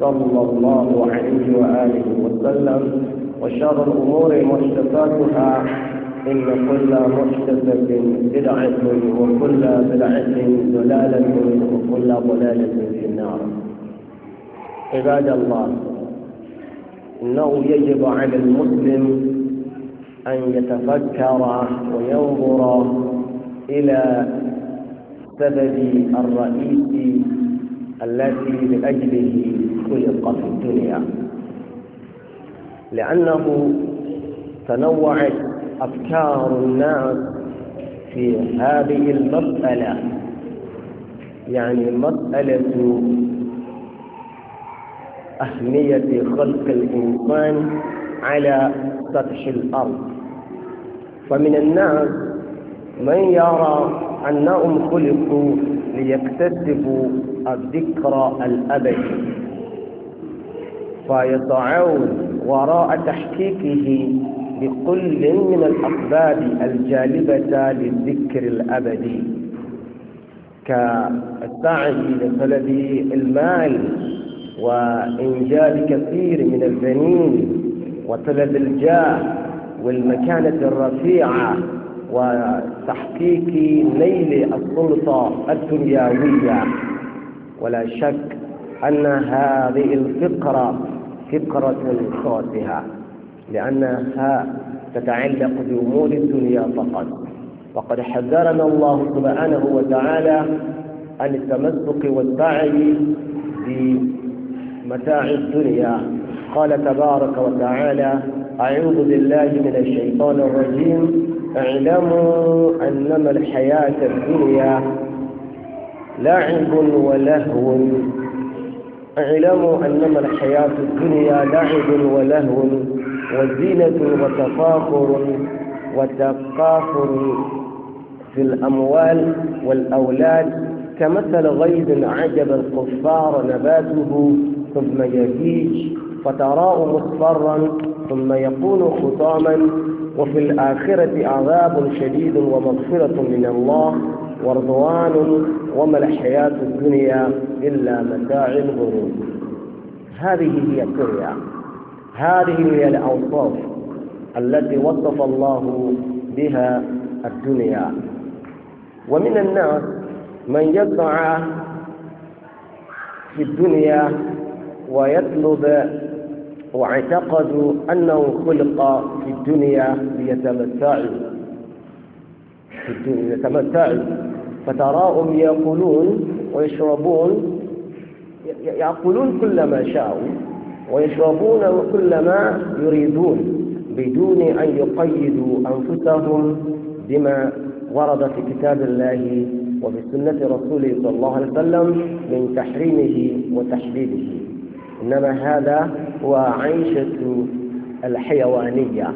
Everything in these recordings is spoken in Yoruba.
صلى الله عليه وآله وسلم وشر الأمور محدثاتها إن كل محدثة بدعة وكل بدعة ضلالة وكل ضلالة في النار عباد الله إنه يجب على المسلم أن يتفكر وينظر إلى السبب الرئيسي التي لأجله خلق في الدنيا لأنه تنوعت أفكار الناس في هذه المسألة يعني مسألة أهمية خلق الإنسان على سطح الأرض فمن الناس من يرى أنهم خلقوا ليكتسبوا الذكرى الأبدي فيضعون وراء تحقيقه بكل من الأسباب الجالبة للذكر الأبدي كالسعي لطلب المال وإنجاب كثير من البنين وطلب الجاه والمكانة الرفيعة وتحقيق نيل السلطة الدنيوية ولا شك أن هذه الفقرة فكرة خاطئة لأنها تتعلق بأمور الدنيا فقط وقد حذرنا الله سبحانه وتعالى عن التمسك والبعد بمتاع الدنيا قال تبارك وتعالى أعوذ بالله من الشيطان الرجيم اعلموا أنما الحياة الدنيا لعب ولهو اعلموا أنما الحياة الدنيا لعب ولهو وزينة وتفاخر وتقافر في الأموال والأولاد كمثل غيب عجب الكفار نباته ثم يهيج فتراه مصفرا ثم يكون خطاما وفي الآخرة عذاب شديد ومغفرة من الله ورضوان وما الحياة الدنيا إلا متاع الغرور هذه هي الدنيا هذه هي الأوصاف التي وصف الله بها الدنيا ومن الناس من يسعى في الدنيا ويطلب واعتقد أنه خلق في الدنيا ليتمتع في الدنيا يتمتع فتراهم يأكلون ويشربون يأكلون كل ما شاءوا ويشربون كل ما يريدون بدون أن يقيدوا أنفسهم بما ورد في كتاب الله وفي سنة رسوله صلى الله عليه وسلم من تحريمه وتحديده إنما هذا هو عيشة الحيوانية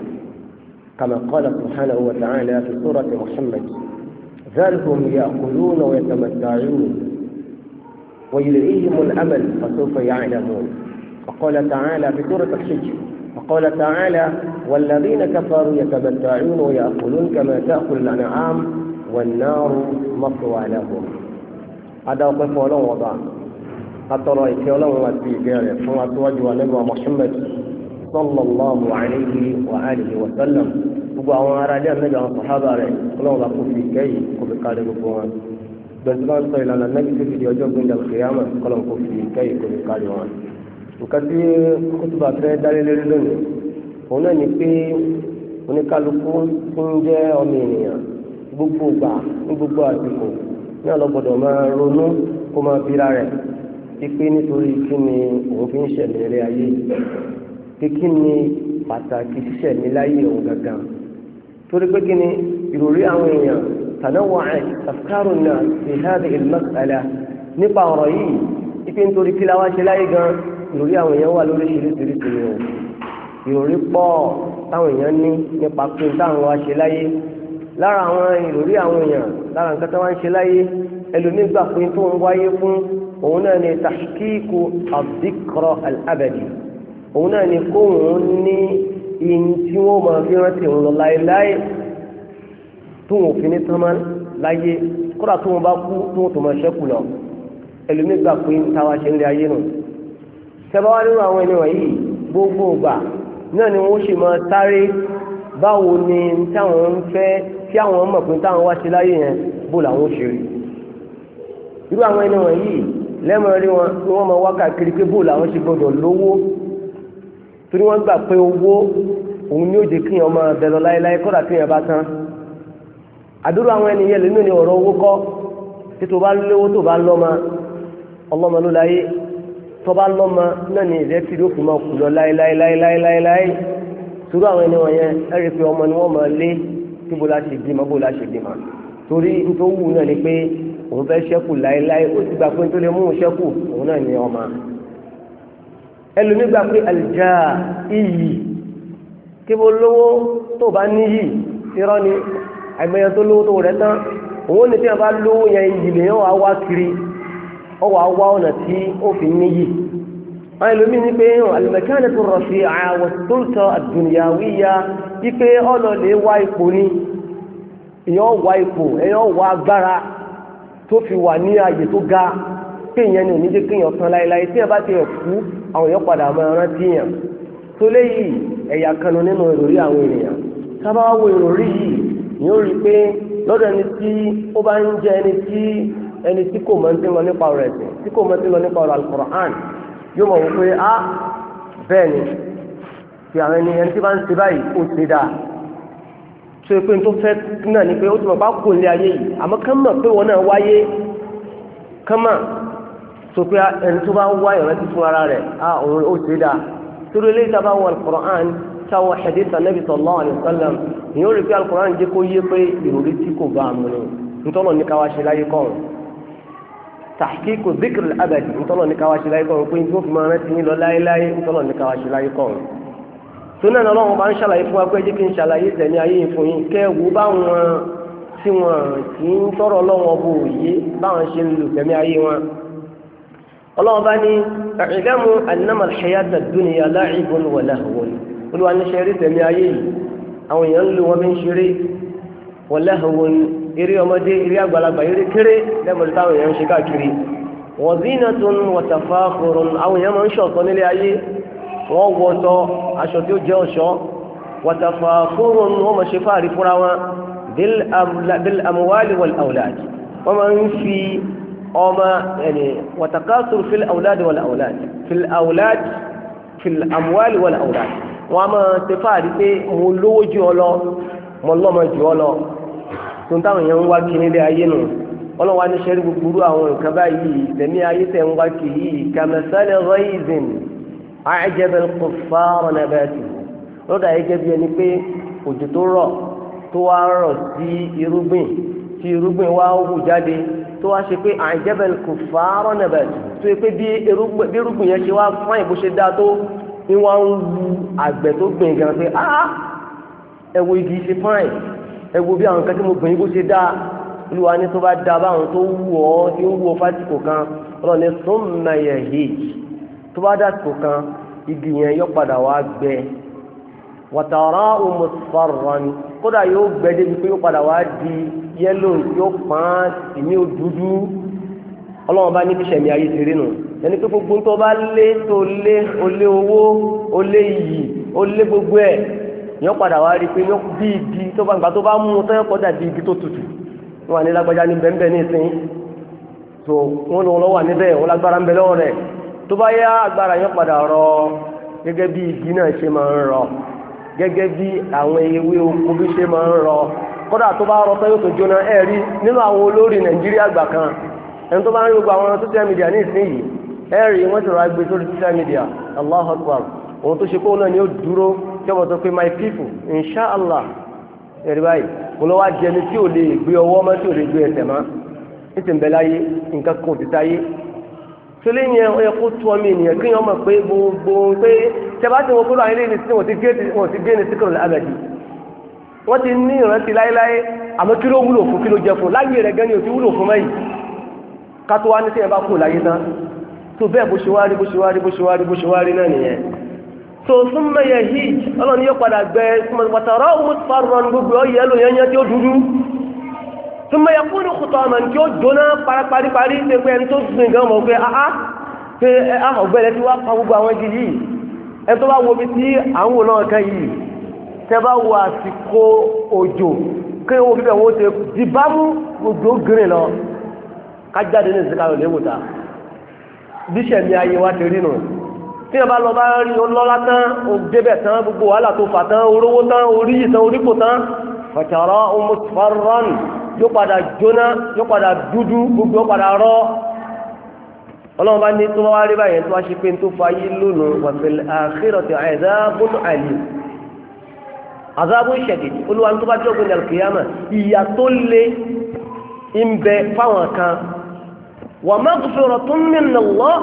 كما قال سبحانه وتعالى في سورة محمد ذلكم يأكلون ويتمتعون ويلئيهم الأمل فسوف يعلمون وقال تعالى في سورة الحج وقال تعالى والذين كفروا يتمتعون ويأكلون كما تأكل الأنعام والنار مطوى لهم هذا وقف لهم وضع أترى يكيولون وفي جارة فما توجه نبوة محمد صلى الله عليه وآله وسلم gbogbo àwọn ará ilé ànábì àwọn sàhábà rẹ̀ ọlọ́run bá kó fi ìkẹ́ yìí kó fi kárí gbogbo wọn gbẹ̀sí máa ń sọ ìlànà ànábì tó fi di ọjọ́ gbẹ̀ngà kìyàmà kọ́lọ́n kó fi ìkẹ́ yìí kó fi kárí wọn. nǹkan tí kótóbà fẹ́ dálé lórí lónìí òun náà ni pé oníkálukú tó ń jẹ́ ọmọ ènìyàn gbogbo gbà ní gbogbo àsìkò ní ọlọ́gbọ̀dọ̀ máa ronú kó máa bira rẹ̀ pípé nítorí kí ni òun fi ń ṣẹ̀mí ilé ayé pé ni pàtàkì ṣíṣẹ̀mí láyé òun gangan torí pé kí ni ìròrí àwọn èèyàn tànáwọ̀ ẹ̀ tàfikárò náà fi hàdí ìlmọ́kàlá nípa ọ̀rọ̀ yìí ipe nítorí kí láwá ṣe láyé gan ìròrí àwọn èèyàn wà lórí ṣiríṣiríṣi ni o ìròrí pọ̀ táwọn èèyàn ní nípa pé táwọn wá ṣe láyé lára àwọn ìròrí àwọn èèyàn lára nǹkan tó ń ṣe láyé ẹlòmíín pé tó ń wáyé fún òun náà ni tahkíkù àdìkọrọ alábẹ̀dì òun náà ni kóun ní ìyìn tí wọ́n máa fi rántí òun lọ láéláé tó wọn fi ní tán máa láyé kódà tó wọn bá kú tó wọn tó máa ṣẹ́kù lọ ẹlòmíì gbà pé ń ta wá ṣe ń lé ayé nù sẹba wá nínú àwọn ènìyàn yìí gbogbo ìgbà náà ni wọ́n ṣe máa sáré báwo ni táwọn ń fẹ́ tí àwọn mọ̀ pé táwọn wá ṣe láyé yẹn bó làwọn ṣe rí irú àwọn ènìyàn yìí lẹ́mọ̀ọ́ wọn ni wọ́n máa wá káàkiri pé bó làwọn ṣe gbọdọ̀ lówó torí wọ́n gbà pé owó òun ni ó jẹ́ kí ọmọ ọbẹ̀ lọ láéláé kọ́dà kí yẹn bá tán àdúrà àwọn ènìyàn lónìí ní ọ̀rọ̀ owó kọ́ tí tó bá lówó tó bá lọ́mọ ọlọ́mọ ló láyé tó bá lọ́mọ náà ní ìrẹ́ tí lókùn máa kù lọ láéláéláéláéláé torí àwọn ènìyàn yẹn ẹ rí i pé ọmọ ni wọ́n máa lé tí bó la ṣe bímọ bó la ṣe bímọ torí nítorí wù náà ni pé òun fẹ́ ṣẹ́kù láéláé ó ti gbà pé nítorí mú un ṣẹ́kù òun náà ní ọmọ ẹlòmí gba pé àlìjá iyì kí bó lówó tó bá níyì irọ́ ni àìmọye tó lówó tó rẹ̀ tán òun ní tí wọ́n bá lówó yẹn iyì lèyàn wà wá kiri ọ wà wá ọ̀nà tí ó fi níyì àwọn ẹlòmí ní pé àlùmọ̀kánì tó rọ̀ sí àwọn tó ń tọ àdùnìyàwíyà wípé ọ̀nà lè wá ipò ni èèyàn wá ipò èèyàn wá agbára tó fi wà ní ààyè tó ga kéèyàn ní onídé kéèyàn tán láéláé tí wọ́n bá ti rẹ̀ kú àwọn èèyàn padà máa rántí yàn tó léyìí ẹ̀yà kanu nínú ìròrí àwọn ènìyàn sábà wo ìròrí yìí ni ó rí i pé lọ́dọ̀ ẹni tí ó bá ń jẹ́ ẹni tí ẹni tí kò mọ̀ ń ti lọ nípa ọ̀rọ̀ ẹ̀sìn tí kò mọ̀ ti lọ nípa ọ̀rọ̀ alukoran yóò mọ̀ wípé a bẹ́ẹ̀ ni ti àwọn ẹni ẹni tí bá ń ṣe báyìí ó ṣe dáa tó yẹ pé tó fẹ́ náà ni pé ó ti mọ̀ bá kò lé ayé yìí àmọ́ kán mọ̀ pé wọn náà wáyé kán mọ̀ so pé ẹni tó bá ń wá ìrántí fún ara rẹ̀ á òun ó ṣe dáa torí eléyìí tá a bá wọ alukur'an táwọn hadith anabi sallallahu alayhi wa sallam ni ó rí pé alukur'an jẹ́ kó yé pé ìròrí tí kò bá a mú ni ntọ́nà ní káwá ṣe láyé kọ́ọ̀n tahqiqu dhikr al-abad ntọ́nà ní káwá ṣe láyé kọ́ọ̀n pé nítorí fi máa rántí yín lọ láéláé ntọ́nà ní káwá ṣe láyé kọ́ọ̀n tónà náà lọ́wọ́ bá ń ṣàlàyé fún wa pé jẹ́ kí n ṣàlàyé tẹ̀mí ayé yìí fún yín kẹ́ wo báwọn tí wọn kì í tọrọ lọ́wọ́ bò yé báwọn ṣe ń lò tẹ̀mí ayé wọn ọlọ́run bá ní ẹ̀ẹ́dẹ́mu annama al-hayata ad-dunya la'ibun wa lahwun olúwa ní ṣeré tẹ̀mí ayé yìí àwọn èèyàn ń lò wọ́n bí ń ṣeré wa lahwun eré ọmọdé eré àgbàlagbà eré kéré lẹ́mọ̀lẹ́ táwọn èèyàn ń ṣe káàkiri wa zinatun wa tafakhurun àwọn èèyàn máa ń ṣọ̀tọ̀ nílé ayé wọ́n wọ́tọ̀ aṣọ tí ó jẹ́ ọ̀ṣọ́ wa tafakhurun wọ́n máa ṣe fáàrí fúnra wọn bil amwali wal awlad wọ́n máa ń fi ọmọ ẹni wàtàkásùrù fil àwùláàdì wal àwùláàdì fil àwùláàdì fil àmúwálì wal àwùláàdì wọn a máa ṣe fáàrí pé mo lówó jù ọ lọ mo lọ́mọ jù ọ lọ tó ń táwọn èèyàn ń wá kí nílé ayé nù ọlọ́wọ́ aníṣẹ́rí gbogbo àwọn nǹkan báyìí tẹ̀mí ayé tẹ̀ ń wá kí yìí kàmẹ́sálẹ̀ rẹ́ìzìn kò fáwọn nàbẹ́ẹ̀tì lọ́dà yìí gẹ́gẹ́ ẹni pé òjò tó rọ̀ tó wá rọ̀ sí irúgbìn tí irúgbìn wa wù jáde tó wá ṣe pé àìjẹ́bẹ̀lì kò fàárọ̀ nàbẹ̀ tó yẹ pé bí irúgbìn yẹn ṣe wá fún àyìnbó ṣe dá tó ni wọ́n ń lu àgbẹ̀ tó gbìn gan pé ah ẹ wo igi ṣe fún àyìn ẹ wo bí àwọn nǹkan tí mo gbìn bó ṣe dá olúwa ní tó bá dá báwọn tó wù ọ́ tí ń wù ọ́ fásitì kan ọlọ́ni sọ́mọ̀yẹ̀ yìí tó bá dá tó kan igi yẹn yọ padà wá gbẹ wọ̀tàrá òmùsọ̀rọ̀n kódà yóò gbẹ́dẹ́ bí pé yóò padà wá di yẹ́lò yóò pọ́n ìmí òdúdú ọlọ́run bá níbi sẹ̀mí ayé ti rí nù ẹni pé gbogbo tó bá lé tó lé olé owó olé iyì olé gbogbo ẹ̀ yóò padà wá rí pé bí ibi tó bá gbà tó bá mú un tó yẹ kọ́ dàbí ibi tó tutù wọn wà ní lágbájá ní bẹ́ẹ̀ ní ìsìn tó wọn lọ́wọ́ wà níbẹ̀ wọn lágbára ń bẹ lọ́wọ́ rẹ̀ tó bá yá agbára yóò padà rọ gẹ́gẹ́ bí igi náà ṣe máa ń rọ gẹ́gẹ́ bí àwọn ewé oko bí ṣe máa ń rọ kódà tó bá rọ sẹ́yìn tó jóná ẹ̀ rí nínú àwọn olórí nàìjíríà gbà kan ẹni tó bá ń rí gbogbo àwọn social media ní ìsinyìí ẹ̀ rí wọ́n ti rà gbé sórí social media allah akbar òun tó ṣe kó náà ni ó dúró kí ọmọ tó pé my people inshallah ẹ̀rí báyìí mo lọ wá di ẹni tí ò lè gbé ọwọ́ mọ́ tí ò lè gbé ẹsẹ̀ mọ́ ní tìǹbẹ̀láyé nǹkan kan ò ti tolé yẹn ó yẹ kó tó ọmọ ènìyàn kí yẹn ọmọ pé gbogbo pé tẹ́bá tí wọ́n kúrò àwọn eléyìí tí wọ́n ti gé wọ́n ti gé ní síkìrì abẹ́jì wọ́n ti ní ìrántí láéláé àmọ́ kí ló wúlò fún kí ló jẹ fún láyé rẹ̀ gẹ́ni ò ti wúlò fún mẹ́yì ká tó wá ní sẹ́yìn bá kú láyé tán tó bẹ́ẹ̀ bó ṣe wá rí bó ṣe wá rí bó ṣe wá rí bó ṣe wá rí náà nìyẹn tó fún mẹ́yẹ yìí ọlọ́run yóò padà gbẹ túnmọ̀ yẹ kúrò kùtọ̀ ọmọ tí ó jóná paríparí ṣe pé ẹni tó gbìn gan mọ̀ pé ahá pé ọ̀gbẹ́lẹ̀ tí wá pa gbogbo àwọn ẹjì yìí ẹ tó bá wo bí tí à wò náà kan yìí tẹ bá wo àsìkò òjò kí owó bíbẹ̀ wọ́n ṣe dìbámú òjò gírin lọ kájáde ní ìsìnká lòlẹ́ wòta bí sẹ̀mí ayé wa ti rí nù tí ẹ bá lọ bá rí ọlọ́lá tán ògbébẹ̀ tán gbogbo wàhálà tó fà tán orówó tán oríyì tán orípò tán fàtàrà ọmọ fàrọ́nù yóò padà jóná yóò padà dúdú gbogbo yóò padà rọ ọlọ́run bá ní tó bá wá rí báyẹn tó wá ṣe pé tó fa yí lónìí wa fil akhirati azabun alim azabun shadid olúwa tó bá jọ́gbìn ní alkiyama ìyà tó le ń bẹ fáwọn kan wa maghfiratun minallah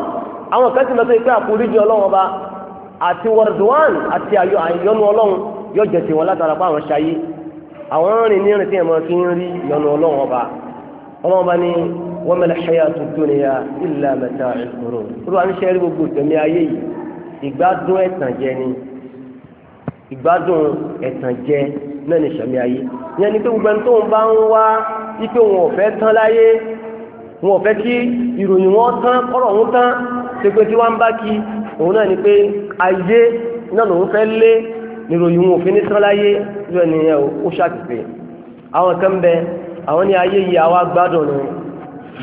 àwọn kan ti mọ̀ pé àforíjì ọlọ́run bá àti warduwan àti àyọnu ọlọ́run yóò jẹ̀ tiwọn látara pé àwọn ṣayé àwọn rìn ní ìrìn tí ẹ̀mọ́ kí ń rí ìyọnu ọlọ́run ọba ọlọ́run ọba ní wọ́n mẹ́lẹ̀ ṣẹ́yà tó dúnìyà ìlà mẹ́ta ìṣòro olúwa ń ṣe rí gbogbo ìtẹ̀mí ayé yìí ìgbádùn ẹ̀tàn jẹ ni ìgbádùn ẹ̀tàn jẹ náà ní ìṣẹ̀mí ayé ìyẹn ni pé gbogbo ẹni tó ń bá ń wá wípé wọn ò fẹ́ tán láyé wọn ò fẹ́ kí ìròyìn wọn tán kọ́rọ̀ wọn tán ṣe pé tí wọ́n ń bá kí òun náà ni pé ayé náà lòun fẹ́ lé níròyìn wọn òfin nìkan láyé ló ẹni yẹn ó ṣàtìpé àwọn kan bẹ àwọn ní ayé yìí àwa gbádùn ni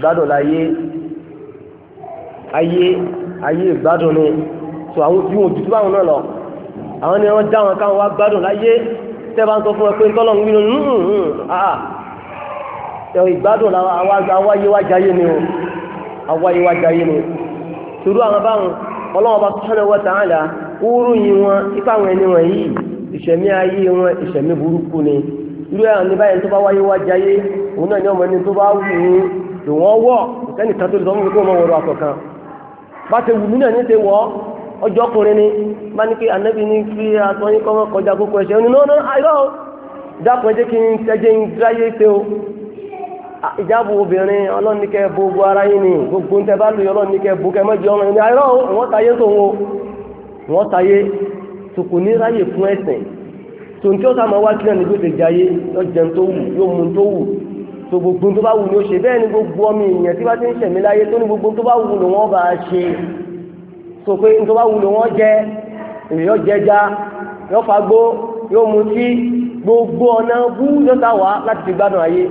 gbádùn láyé ayé ayé gbádùn ni tó àwọn tí wọn ò dùdú báwọn náà lọ àwọn ni wọn dá wọn káwọn wá gbádùn láyé tẹ́ bá ń sọ fún wọn pé tọ́lọ̀ ń wí lónìí ẹ̀rọ ìgbádùn àwáyéwájáyé ni o àwáyéwájáyé ni torí àwọn báwọn ọlọ́wọ́n bá sọ́nà wọ́ta àlà kúrú yìí wọn ipa àwọn ẹni wọn yìí ìṣẹ̀mí ayé wọn ìṣẹ̀mí burúkú ni irú ẹ̀rọ ní báyìí tó bá wáyé wá jayé òun náà ní ọmọ ẹni tó bá wù ú lò wọ́n wọ̀ ìkẹ́ni kan tó lè sọ fún mi kó wọn wọ̀rọ̀ àtọ̀ kan bá ti wù mí náà ní ti wọ̀ ọjọ́ ọkùnrin ni bá ní kí anábì ní kí aṣọ yín kọ́mọ kọjá kókó ẹ̀ṣẹ̀ ní ayọ́ ara yín ni gbogbo ń tẹ́ bá lù yọ bùkẹ́ mọ́jọ́ ọmọ yín ni wọ́n sáyé tòkò ní ráyè fún ẹ̀sìn tòun tí ó sá máa wá sílẹ̀ ní gbèsè jayé yóò jẹun tó wù yóò mu tó wù tó gbogbo tó bá wù ni ó ṣe bẹ́ẹ̀ ni gbogbo ọmọ èèyàn tí bá ti ń ṣẹ̀mí láyé tó ní gbogbo tó bá wù ni wọ́n bá ṣe sọ pé tó bá wù ni wọ́n jẹ èèyàn jẹja yóò fagbó yóò mutí gbogbo ọ̀nà bú yóò sá wá láti fi gbádùn ayé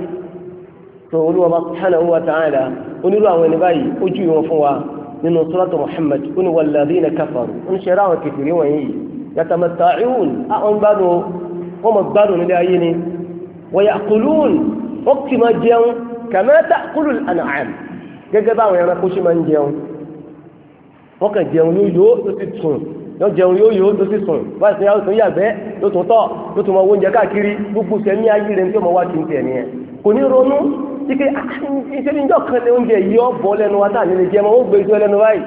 tó olúwa bá subhanahu wa ta'ala onírú àwọn ẹni báyìí ó jù wọn fún wa nínú sọ́lọ́tọ̀ Muhammad ó ní walladhina kafaru ó ń ṣe ráwọn kìfìrí wọ̀nyí yatamatta'un àwọn gbádùn wọn mọ̀ gbádùn nílé ayé ni wa ya'kulun wọ́n ti máa jẹun kama ta'kulul an'am gẹ́gẹ́ báwọn ẹranko ṣe máa ń jẹun wọ́n kàn jẹun yóò yóò tó ti tún yóò jẹun yóò yóò tó sì sùn wá sí àwọn ìsòyìn àgbẹ̀ ló tún tọ̀ ló tún mọ owó oúnjẹ káàkiri gbogbo sẹ́mi ayé rẹ̀ ní tí ó mọ wá kí n tiẹ̀ nìyẹn kò ní ronú ike ìṣẹ́ni ìjọ kan ní oúnjẹ yìí ọ bọ́ lẹ́nu wa táà nílé jẹ́ mọ́ ó gbé ìṣẹ́ lẹ́nu báyìí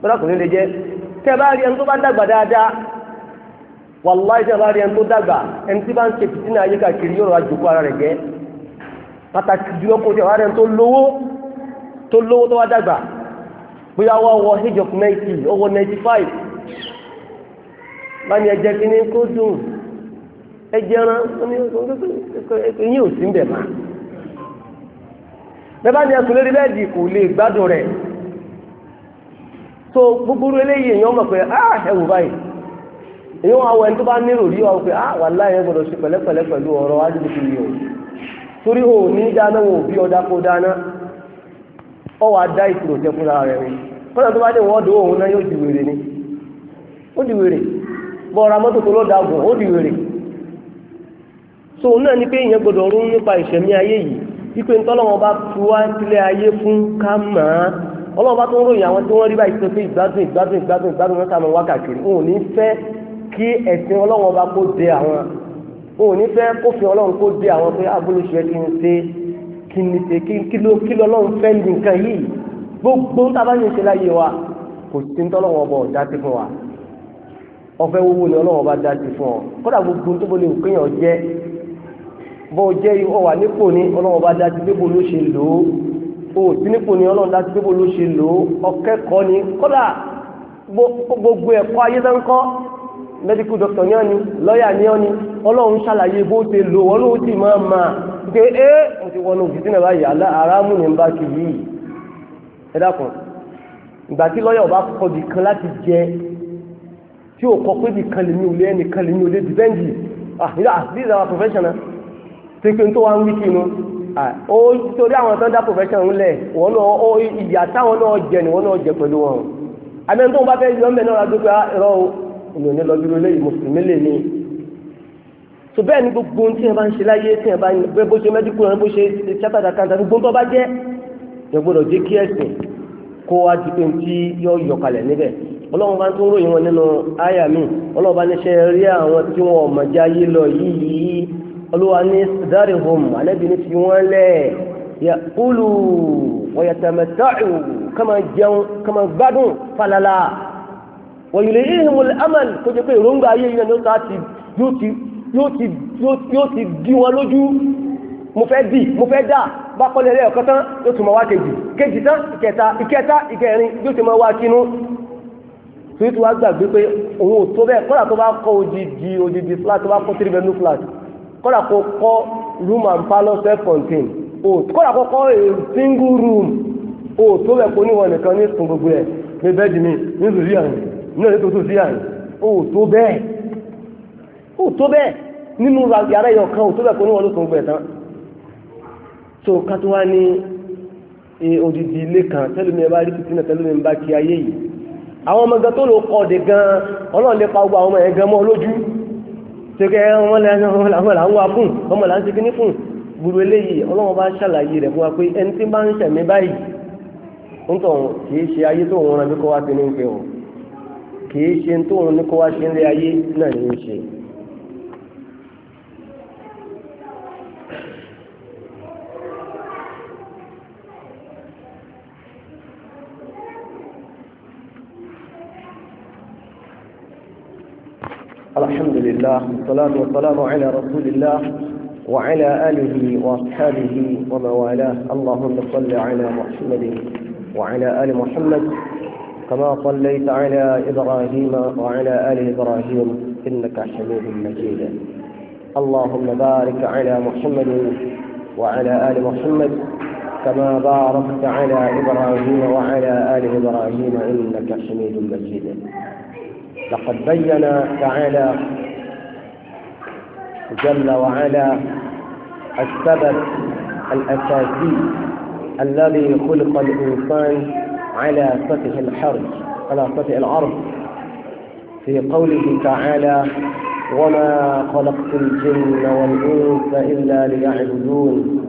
bọ́dà kò nílé jẹ́ tẹ́ bá rí ẹni tó bá dàgbà dáadáa wàláì tẹ́ bá rí ẹni tó dàgbà ẹni tí bá ń ṣe fìtínà ayé káàkiri yóò rọ àjòkó ara rẹ̀ gẹ́ pàtàkì jùlọ kó tẹ̀ wá rẹ̀ tó lówó tó lówó tó wá dàgbà bóyá wọ́n wọ age of ninety ọwọ́ ninety five báyìí ẹ̀jẹ̀ kìíní kó dùn ẹ̀jẹ̀ rán ẹ̀yìn ò sí ń bẹ̀ máa. bẹ́bá ni ẹ̀sùn lórí bẹ́ẹ̀dì kò lè gbádùn rẹ̀ so gbogbo eléyìí èèyàn mọ̀ pé ah ẹ̀wù báyìí èèyàn àwọn ẹni tó bá nírò rí wa pé ah wàláhì yẹn gbọdọ̀ ṣe pẹ̀lẹ́pẹ̀lẹ́ pẹ̀lú ọ̀rọ̀ adébíyì yìí o torí o ní dáná wọn ò bí ọdá kó dáná ọ wàá dá fúnra rẹ ni kọ́nà tó bá dé wọ́ọ̀dù òun náà yóò di ni ó tó ó so náà pé gbọdọ̀ rún nípa ipe ntọ́lọ́wọ́n bá fi wá sílẹ̀ ayé fún ká mọ̀ án ọlọ́wọ́n bá tó ń ròyìn àwọn tí wọ́n rí báyìí tó fi ìgbádùn ìgbádùn ìgbádùn ìgbádùn wọn sàmì wá kàkiri òun ní fẹ́ kí ẹ̀sìn ọlọ́wọ́n bá kó de àwọn òun ní fẹ́ kófin ọlọ́run kó de àwọn pé abúlóṣù ah, ẹ ti ṣe kí ni ṣe kí ló kí lọ́lọ́run fẹ́ ní nǹkan yìí gbogbo ń tábà ní ṣe láyé wa kò sí ntọ́lọ́wọ́n bọ̀ ọ̀dá fún wa ọ̀fẹ́ wọ́wọ́ ni ọlọ́wọ́n bá dá fún ọ kódà gbogbo tó bọ́ lè kéèyàn jẹ́ bó o jẹ́ ọ wà nípò ní ọlọ́run bá dájú pé bó ló ṣe lò ó o ò nípò ní ọlọ́run dájú pé bó ló ṣe ni gbogbo ẹ̀kọ́ ayé ló medical doctor ní ọ́ni lọ́ọ̀yà ní ọ́ni ọlọ́run ṣàlàyé bó ṣe lò ma ló ti máa mà pé ẹ́ mo ti wọnú òfìsí náà báyìí ní bá ọba kọ́ kan láti jẹ tí ò pé kan lè ní ẹnì kan lè tí pé tó wá ń wí kí inú ó torí àwọn tó ń dá profession ń lẹ̀ wọ́n náà ó ìyà táwọn náà jẹ ni wọ́n náà jẹ pẹ̀lú wọn àbẹ́ni tó ń bá fẹ́ yọ ọ́nbẹ̀ náà rájú pé ẹ̀rọ ah, ìlú ní lọ́dúró lé mùsùlùmí lè ní tó bẹ́ẹ̀ ni gbogbo tí ẹ bá ń ṣe láyé tí ẹ bá ń bó ṣe mẹ́díkù rẹ bó ṣe ṣátàdà kan tàbí gbogbo bá jẹ́ ẹ gbọ́dọ̀ jẹ́ kí ẹ̀sìn kó wá di pé tí yọ yọ níbẹ̀ ọlọ́run bá ń tún ròyìn wọn nínú àyà mi ọlọ́run bá níṣẹ́ rí àwọn tí wọn ọ̀mọ̀já yé lọ yìí olúwa ní darihum ànábì ní fi wọ́n lẹ̀ yà kúlù wọ̀yàtàmẹ̀tàù kama jẹun kama gbádùn falala wọ̀nyìlẹ̀ ihimul amal kó jẹ́ pé èròǹgbà ayé yìí náà yóò ti yóò ti di wọn lójú mo fẹ́ di mo fẹ́ dà bá kọ́lé ẹlẹ́yọ̀ kan tán yóò tún máa wá kejì kejì tán ìkẹta ìkẹta ìkẹrin yóò tún máa wá kínú torí tí gbàgbé pé òun ò tó bẹ́ẹ̀ kọ́là tó bá kọ́ odidi odidi flat tó bá kọ́ three bedroom flat kọ́dà kó kọ́ room and parlour self contain o kọ́dà kó kọ́ a single room o tó bẹ̀ kó níwọ̀n nìkan ní sùn gbogbo ẹ̀ ní bẹ́ẹ̀dì mi ní sùsí àná ní òní tó sùsí àná o tó bẹ́ẹ̀ o tó bẹ́ẹ̀ nínú yàrá ẹ̀yọ̀ kan o tó bẹ̀ kó níwọ̀n ló sùn gbogbo ẹ̀ tán so kátó wá ní e, odidi ilé kan tẹ́lómi ẹ̀ bá rí títí náà tẹ́lómi ń bá kí ayé yìí àwọn ọmọ gan tó lò kọ́ ọ̀dẹ̀ gan ọlọ́run lè pa gbogbo àwọn ọmọ yẹn gan mọ́ lójú tẹ́kẹ́ wọ́n là ń wá fún ọmọ là ń ṣe fún gbùrù eléyìí ọlọ́wọ́n bá ṣàlàyé rẹ̀ fún wa pé ẹni tí bá ń ṣẹ̀mí báyìí ń tọ̀ kìí ṣe ayé tó wọn rẹ̀ kó wá sí ní ìpè wọn kìí ṣe tó wọn ní kó wá الحمد لله والصلاة والسلام على رسول الله وعلى آله وأصحابه وموالاه اللهم صل على محمد وعلى آل محمد كما صليت على إبراهيم وعلى آل إبراهيم إنك حميد مجيد اللهم بارك على محمد وعلى آل محمد كما باركت على إبراهيم وعلى آل إبراهيم إنك حميد مجيد لقد بين تعالى جل وعلا السبب الأساسي الذي خلق الإنسان على سطح الحرج على سطح العرض في قوله تعالى وما خلقت الجن والإنس إلا ليعبدون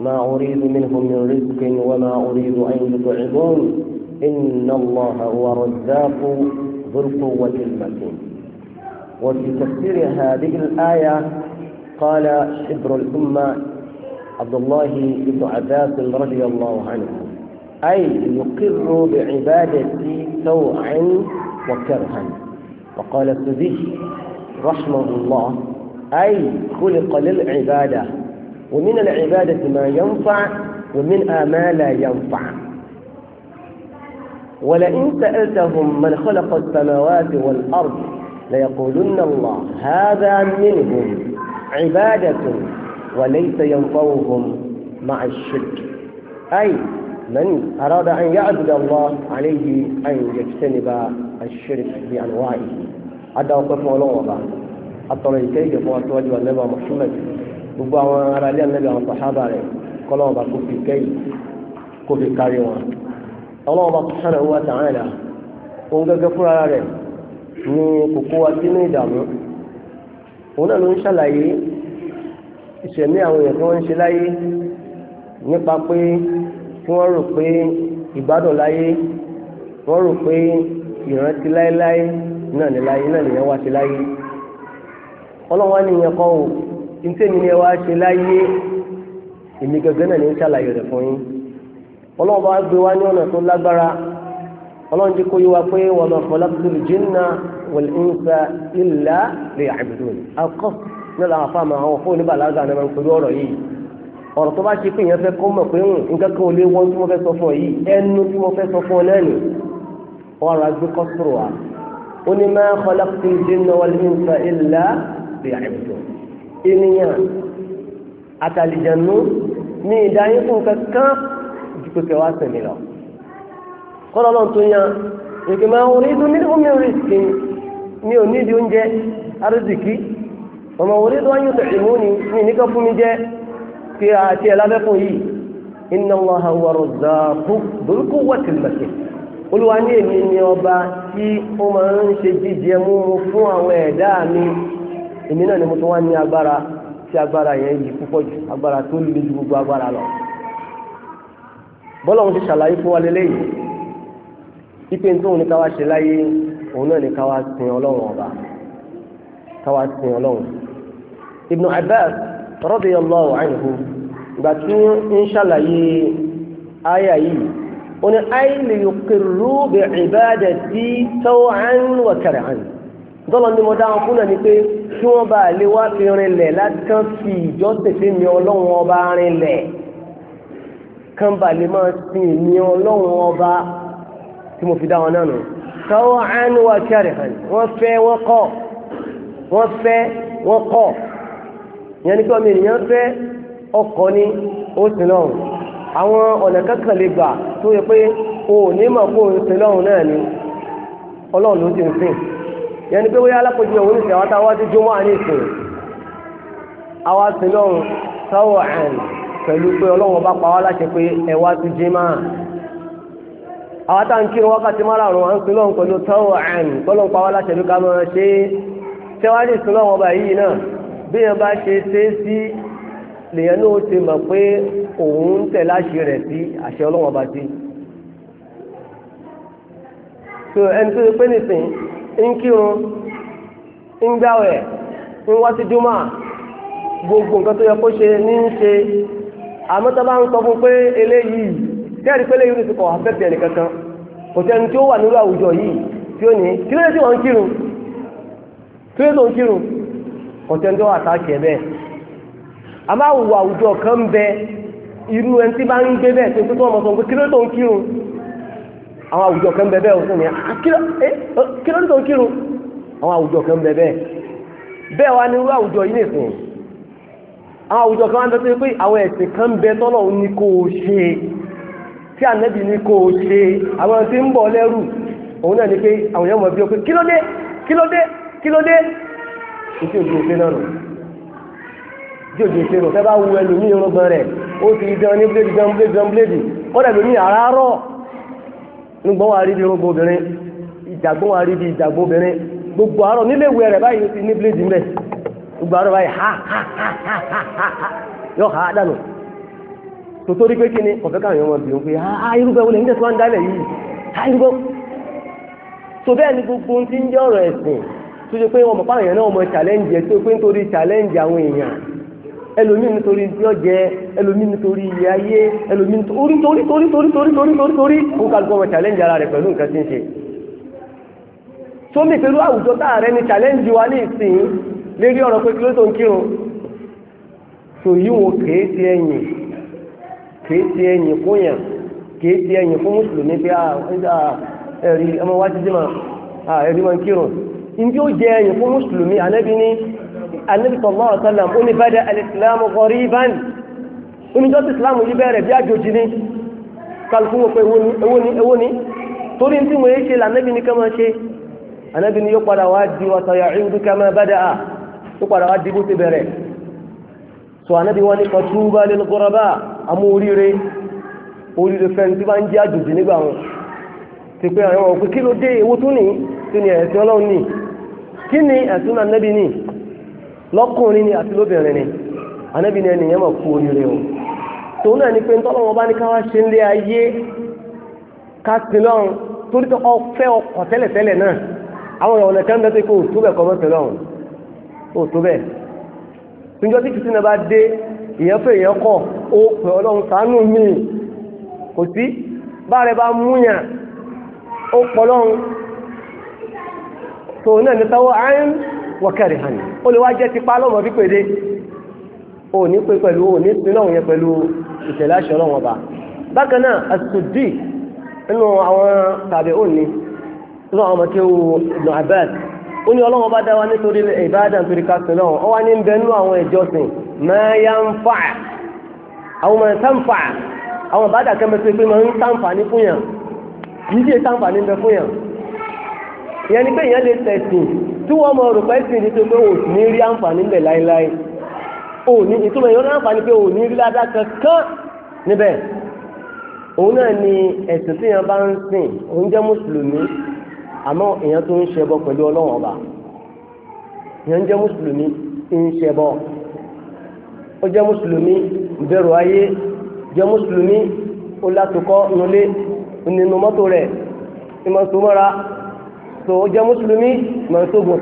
ما أريد منهم من رزق وما أريد أن يطعمون إن الله هو الرزاق ذو القوة المتين وفي تفسير هذه الآية قال شبر الأمة عبد الله بن عباس رضي الله عنه أي يقر بعبادتي طوعا وكرها وقال السدي رحمه الله أي خلق للعبادة ومن العبادة ما ينفع ومن ما لا ينفع ولئن سألتهم من خلق السماوات والأرض ليقولن الله هذا منهم عبادة وليس ينفوهم مع الشرك أي من أراد أن يعبد الله عليه أن يجتنب الشرك بأنواعه هذا وقف ولغة أطلع الكيف وأتواجه النبي محمد gbogbo àwọn ará ilé ànábì àwọn sàhábà rẹ̀ kọ́lọ́wọ́n bá kó ọlọ́run bá subhanahu wa ta'ala òun gẹ́gẹ́ fúnra rẹ̀ ní kòkó wa sínú ìdààmú òun náà ló ń ṣàlàyé ìṣẹ̀mí àwọn èèyàn tí wọ́n ń ṣe láyé nípa pé kí wọ́n rò pé ìgbádùn láyé wọ́n rò pé ìrántí láéláé náà ní láyé náà nìyẹn wá sí láyé ọlọ́run ní ìyẹn kọ́ ò ní tèmi ni ẹ wá ṣe láyé èmi gẹ́gẹ́ náà ní ń ṣàlàyé rẹ̀ fún yín ọlọ́run bá gbé wá ní ọ̀nà tó lágbára ọlọ́run jẹ́ kó yé wa pé wa ma khalaqtul jinna wal insa illa liya'budun akọ́ ní làwọn afá máa wọ fóònù bàlágà ní ọmọ pẹ̀lú ọ̀rọ̀ yìí ọ̀rọ̀ tó bá ṣe pé èèyàn fẹ́ kó mọ̀ pé hmm, nǹkan kan ò lè wọ́n tí mo fẹ́ sọ fún ọ yìí ẹnu tí mo fẹ́ sọ fún ọ náà ọ̀rọ̀ agbé kọ́ sọ̀rọ̀ wa ó ní ma khalaqtul jinna wal insa illa liya'budun ènìyàn àtàlìjànú ní ìdáyín fún kankan tó kẹwàá sẹ̀mí lọ. kọ́lá náà tó yan èké máa wọlé dún ní omi rìsíkì ní onídìí oúnjẹ ọmọ dún ayé ìmú ni ní níkà fún mi kí a tiẹ̀ lábẹ́ fún yìí inna Allaha huwa razzaqu dhul quwwatil matin n'i ní èmi ni ọba tí ó máa ń ṣe jíjẹ mú mu fún àwọn ẹ̀dá mi èmi náà ni mo tún wá ní agbára tí agbára yẹn yìí púpọ̀ jù agbára bọ́lá òun ti ṣàlàyé fún wa lélẹ́yìn ipe tó òun ní ká wá ṣe láyé òun náà ní ká wá sin ọlọ́run ọba ká wá sin ọlọ́run Ibn Abbas radiyallahu anhu ìgbà tí ń ṣàlàyé àyà yìí ó ní àìlè yòkèrú bi ibadati taw'an wa karhan dọ́lọ́ ni mo dáhùn fún náà pé kí wọ́n bá lè wá fi rinlẹ̀ láti fi ìjọ́sìn fi mi ọlọ́run ọba rinlẹ̀ kán bá lè máa sin èmi ọlọ́run ọba tí mo fi dá wọn náà nù. káwọn àánú wa kí àrẹ̀hàn wọ́n fẹ́ wọ́n kọ̀ wọ́n fẹ́ wọ́n kọ̀ ìyẹn ní kí ọmọ ènìyàn fẹ́ ọkọ̀ ni ó sin lọ́run àwọn ọ̀nà kankan lè gbà tó yẹ pé o ò ní mọ̀ kó o sin lọ́run náà ni ọlọ́run ló ti ń sìn ìyẹn ní pé wọ́n yá alákòjú òun nìṣẹ́ àwọn táwọn wá sí jọmọ́ àní ìsìn àwọn sin lọ́run káwọn àánú pẹ̀lú pé ọlọ́wọ́ bá pa wá láṣẹ pé ẹwà ti jí máa àwọn tá ń kí wákàtí márààrún à ń sin lọ́hùn pẹ̀lú tọ́wọ̀ ẹ̀m tọ́lọ́ pa wá láṣẹ ló ká máa ṣe é tẹ́wádìí sin lọ́wọ́ ọba yìí náà bí yẹn bá ṣe ṣe é sí lèyẹn náà ti mọ̀ pé òun ń tẹ̀ láṣẹ rẹ̀ sí àṣẹ ọlọ́wọ́ ọba sí. tó ẹni tó ṣe pé nìsín ń kírun ń gbáwẹ̀ ń wá sí júmọ̀ gbogbo nǹkan tó yẹ kó ṣe ní ń ṣe àmọ́ tó bá ń sọ fún pé eléyìí kẹ́rì pé eléyìí ti kọ̀ afẹ́fẹ́ ẹnì kankan kò sẹ́ni tí ó wà nínú àwùjọ yìí tí ó ní kí ló dé tí wọ́n ń kírun kí ló dé tó ń kírun kò sẹ́ni tó wà táàkì ẹ̀ bẹ́ẹ̀ àmọ́ àwùjọ àwùjọ kan bẹ irú ẹni tí bá ń gbé bẹ́ẹ̀ tó tó wọn pé kí ló tó ń kírun àwọn àwùjọ kan bẹ bẹ́ẹ̀ òfin ni ah, eh, kí ló dé tó ń kírun àwọn àwùjọ kan bẹ bẹ́ẹ̀ bẹ́ẹ̀ wá ní àwùjọ yìí nìsín àwọn àwùjọ kan wá ń bẹ pé àwọn ẹ̀sìn kan ń bẹ tọ́lọ̀ ní kó o ṣe tí ànẹ́bì ní kó o ṣe àwọn tí ń bọ̀ lẹ́rù òun náà ni pé àwọn èèyàn mọ̀ bí ọ pé kí ló dé kí ló dé kí ló dé ìtí òjò ìṣe náà nù ìtí òjò ìṣe nù fẹ́ bá wu ẹlòmíì irúgbọ́n rẹ̀ ó ti dán ní bléèdì dán bléèdì dán bléèdì kọ́dà lómi àràárọ̀ nígbọ́n wa rí bí irúgbọ́n obìnrin ìjàgbọ́n wa rí bí ìjàgbọ́n gbogbo ha ha ha ha ha yọ ha dànù tó torí pé kíni ọ̀fẹ́ káwọn ọmọ bìí ń pé ha irúgbẹ́ wọlé nígbà tó wá ń dálẹ̀ yìí ha irúgbẹ́ tó bẹ́ẹ̀ ni gbogbo ti ń jẹ́ ọ̀rọ̀ ẹ̀sìn tó ṣe pé wọn mọ̀ fáwọn èèyàn náà mọ̀ challenge ẹ̀ tó pé nítorí challenge àwọn èèyàn ẹlòmíì nítorí tí ó jẹ ẹlòmíì nítorí ilé ayé ẹlòmíì nítorí torí torí torí torí torí torí torí ó kálukọ́ mọ̀ challenge ara rẹ̀ pẹ̀lú nǹkan tí ń ṣe. sómi pẹ̀lú àwùjọ táà rẹ ni challenge wa ní ìsìn lérí ọ̀rọ̀ pé kí ló tó ń kírun tò yíwo kèé ti ẹ̀yìn kèé ti ẹ̀yìn fún yàn kèé ti ẹ̀yìn fún mùsùlùmí pé ah, ẹ̀rí ọmọ wájú jìmọ̀ ah, ẹ̀rí máa ń kírun ìdí ó jẹ ẹ̀yìn fún mùsùlùmí ànábi ní ànábi sallallahu alaihi wasallam ó ní bada al-islamu ghariban ó ní jọ́sí ìsìlámù yìí bẹ̀rẹ̀ bí àjòjì ni kálukú wọn pé èwo ní ká máa yóò padà wá di wàtàyà ìwúdú ká máa bada a tó padà wá dìbò ti bẹ̀rẹ̀ so ànábi wọn ní kọtúbà lil ghuraba àmú oríire oríire fẹ́ni tí bá ń jẹ́ àjòjì nígbà wọn ti pé àwọn ọ̀pẹ kí ló dé ewu tún ní kí ni ẹ̀sìn ọlọ́run ní kí ni ẹ̀sìn ànábi ní lọ́kùnrin ni àti lóbìnrin ni ànábi ní ẹnìyàn mọ̀ kú oríire o tòun náà ni pé ntọ́lọ́wọ́n bá ní ká wá ṣe ń lé ayé ká sin lọ́run torí tó ọ fẹ́ ọkọ̀ tẹ́lẹ̀tẹ́lẹ̀ náà àwọn ọ̀nà kan bẹ́ẹ̀ tó kó òtún bẹ̀ kọ́ mọ́ sin lọ́run ó tó bẹ́ẹ̀ níjọ́ tí kìsínà bá dé èèyàn fẹ́ èèyàn kọ̀ ó pè ọlọ́run ṣàánú mi kò sí bá rẹ bá múyàn ó pọ̀ lọ́run tó náà ní sáwọ́ àárín wọ́kẹ̀rì hàn ó lè wá jẹ́ tipa lọ́mọ bí pèdé ó ní pé pẹ̀lú ó ní sinọ́hùn yẹn pẹ̀lú ìtẹ̀lé àṣẹ ọlọ́run ọba bákan náà àsùdì nínú àwọn tàbí òní nínú àwọn ọmọ tí ó Ibn Abbas ó ní ọlọ́wọ́ bá dá wa nítorí ìbáàdà nítorí kásìn náà ọ wá ní bẹnú àwọn ìjọsìn máa ya ń fà àwọn ọmọ ẹ̀sán fà àwọn ìbáàdà kẹ́mẹ́tì pé máa ń sàǹfààní fún yàn yìí ṣe sàǹfààní ń bẹ fún yàn ìyẹn ni pé ìyẹn lè tẹ̀sìn tí wọ́n mọ rò pẹ́sìn ní pé o ní rí àǹfààní bẹ̀ láéláé o ní ìtumọ̀ ìyẹn láǹfààní pé o ní rí ládàá kankan níbẹ̀ òun náà ni ẹ̀sìn tí yẹn bá ń sìn òun jẹ́ mùsùlùmí àmọ́ èèyàn tó ń ṣẹbọ pẹ̀lú ọlọ́wọ́n ọba èèyàn ń jẹ́ mùsùlùmí ń ṣẹbọ ó jẹ́ mùsùlùmí bẹ̀rù ayé jẹ́ mùsùlùmí ó látòkọ́ nulẹ̀ nínú mọ́tò rẹ̀ ìmọ̀sọmọ́ra tó ó jẹ́ mùsùlùmí mọ̀sógun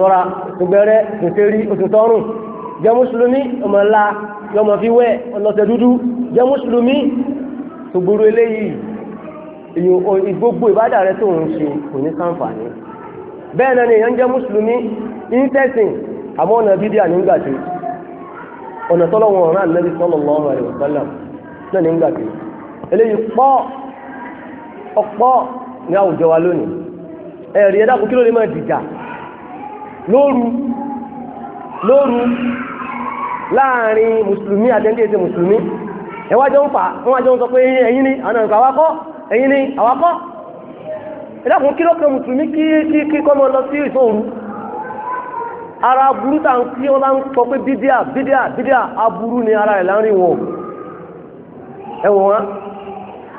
tọ́ra gbẹ̀rẹ̀ tètèrí òtútọ́rùn jẹ́ mùsùlùmí ọmọlá yọmọ fi wẹ̀ ọlọ́tẹ̀ dúdú jẹ́ mùsùlùmí tó gbúrú eléyìí gbogbo ìbádà rẹ tó ń ṣe kò ní sáǹfààní bẹ́ẹ̀ náà ni èèyàn jẹ́ mùsùlùmí intẹ́sìn àmọ́ ọ̀nà Ona nígbà tí ọ̀nà tọ́lọ́wọ̀n ọ̀rán ànábì sallallahu alaihi wasallam náà nígbà tí eléyìí pọ̀ ọ̀pọ̀ ní àwùjọ wa lónìí ẹ̀rí ẹ̀dàkùn kí ma lè máa dìjà lóru lóru láàrin mùsùlùmí àtẹ́ńdé ètè mùsùlùmí ẹwájọ́ ń fà wọ́n wájọ́ ń sọ pé ẹ̀yin ni ìdákùn kí ló kan mùsùlùmí kí kí kí lọ sí ara aburú tá n kí wọn bá ń sọ pé bídíà ni ara rẹ̀ láńrin wọn ẹ̀wọ̀n wọn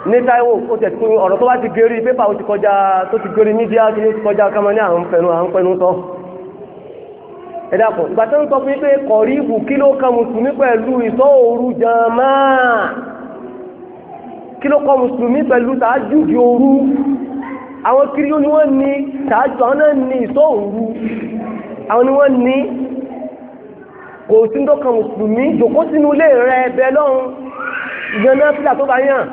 ní táíwò ó tẹ̀ tún ọ̀rọ̀ tó bá ti gẹ́rí pépà ó ti kọjá tó ti gẹ́rí mídíà tó ti kọjá kámá ní àwọn pẹ̀lú àwọn pẹ̀lú sọ ìgbà tó ń sọ kí ló kọ́ mùsùlùmí pẹ̀lú tààjú di òru àwọn kiri ni wọ́n ní tààjú àwọn náà ní ìtọ́ òru àwọn ni wọ́n ní kò sí ń dọ́kan mùsùlùmí jòkó sínú ilé rẹ ẹbẹ lọ́run ìyànná fìlà tó bá yàn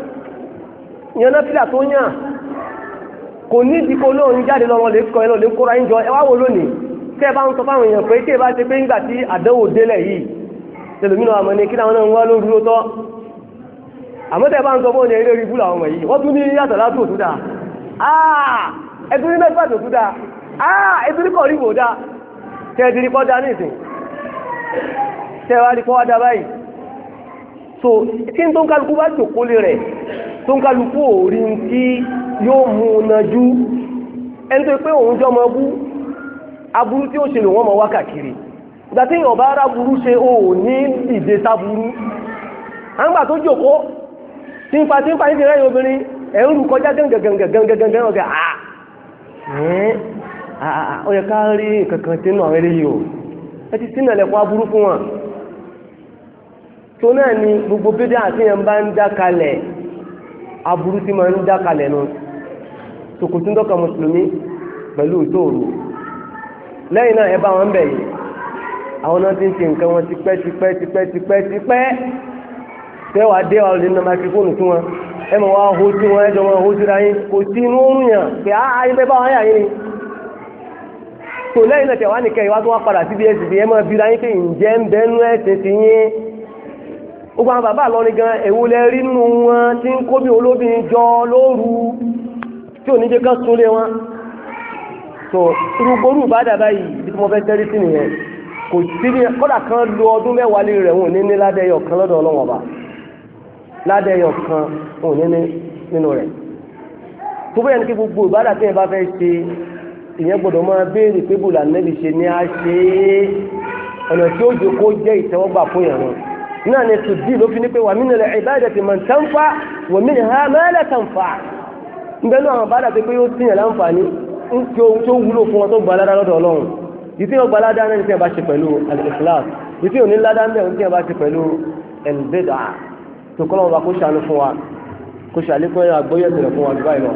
ìyànná fìlà tó yàn kò ní ìdíkò lóòrùn jáde lọ́wọ́ lè kọ́ ẹ lọ́ọ́ lè kóra ń jọ ẹ lónìí tẹ́ ẹ bá ń sọ fáwọn èèyàn pé tí ẹ bá ti pé ńgbà tí àdánwò délẹ̀ yìí tẹlẹmínú àmọ́ ni kí làwọn náà ń wá lóru lótọ́ àmọ́tẹ̀ bá ń sọ bóyá eré ibú làwọn wọ̀nyí wọ́n tún ní yàtọ̀ látò tó dáa ẹtún ní mẹ́fà tó tó dáa ẹtún ní kọ̀ọ̀rí wò dáa tẹ́ ẹ dirí kọ́ dáa ní ìsìn tẹ́ ẹ wá rí kọ́ dáa báyìí so tí n tó ń kálukú bá jòkó lé rẹ̀ tó ń kálukú òórí tí yóò mú un nájú ẹni tó pé òun jọmọ bú aburú tí ó ṣe lò wọ́n mọ wákàkiri ìgbà tí ara burú ṣe ò ní ìdè sáburú àǹgbà tó jòkó tí ń pa tí ń pa ní ìrẹ́yìn obìnrin ẹ̀rù kọjá gẹ́gẹ́gẹ́gẹ́gẹ́gẹ́ ọ̀gá àà ó yẹ ká rí kankan tí nù àwọn o ti ni gbogbo tẹ́ wàá dé wa lè na máikrófóònù sí wọn ẹ mọ̀ wá hó sí wọn ẹjọ́ wọn hó síra yín kò sí inú oorun yàn pé áá ah, ah, ibẹ̀ bá wọn yín ni. tò lẹ́yìn náà tẹ̀ wá nìkẹ́ ìwá tó wá padà síbi ẹ̀sìn ẹ máa bira yín pé ǹjẹ́ ń bẹ́nu ẹ̀sìn ti yín. gbogbo àwọn bàbá àlọ́ ni gan èwo lẹ rí nínú wọn tí ń kóbi olóbìnrin jọ lóru tí ò jẹ́ ká súnlé wọn. tó irúgbórú ìbádà báyìí bí mo fẹ́ kò sí kọ́dà kan lo ọdún mẹ́wàá lé rẹ̀ wọn ní ní kan lọ́dọ̀ ọlọ́wọ́n ọba ládẹ́yọ̀ kan òun ní nínú rẹ̀ tó bẹ́ẹ̀ ni kí gbogbo ìbádà tí ẹ bá fẹ́ ṣe ìyẹn gbọ́dọ̀ máa béèrè pé bùlà nẹ́bí ṣe ni a ṣe é ọ̀nà tí ó jẹ́ kó jẹ́ ìtẹ́wọ́gbà fún ìrún náà ni tùdí ló fi ní pé wà mí nílẹ̀ ìbádà ti máa tánfà wà mí nílẹ̀ mẹ́lẹ̀ tánfà ńbẹ́ náà àwọn ìbádà ti pé yóò tìyàn láǹfààní ń tí ohun tó wúlò fún wọn tó gbà ládá lọ́dọ̀ ọlọ́run ìtí ó gbà ládá náà ní tí a bá ṣe pẹ̀lú al-ikhlas ìtí ò ní ládá ń bẹ̀ tó kọ́ lọ́wọ́ bá kó ṣàánú fún wa kó ṣàlékún ẹ̀rọ àgbóyẹ̀sẹ̀ rẹ̀ fún wa báyìí lọ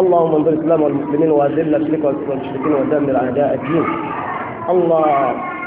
اللهم انصر الاسلام والمسلمين واذل الشرك والمشركين ودمر اعداء الدين الله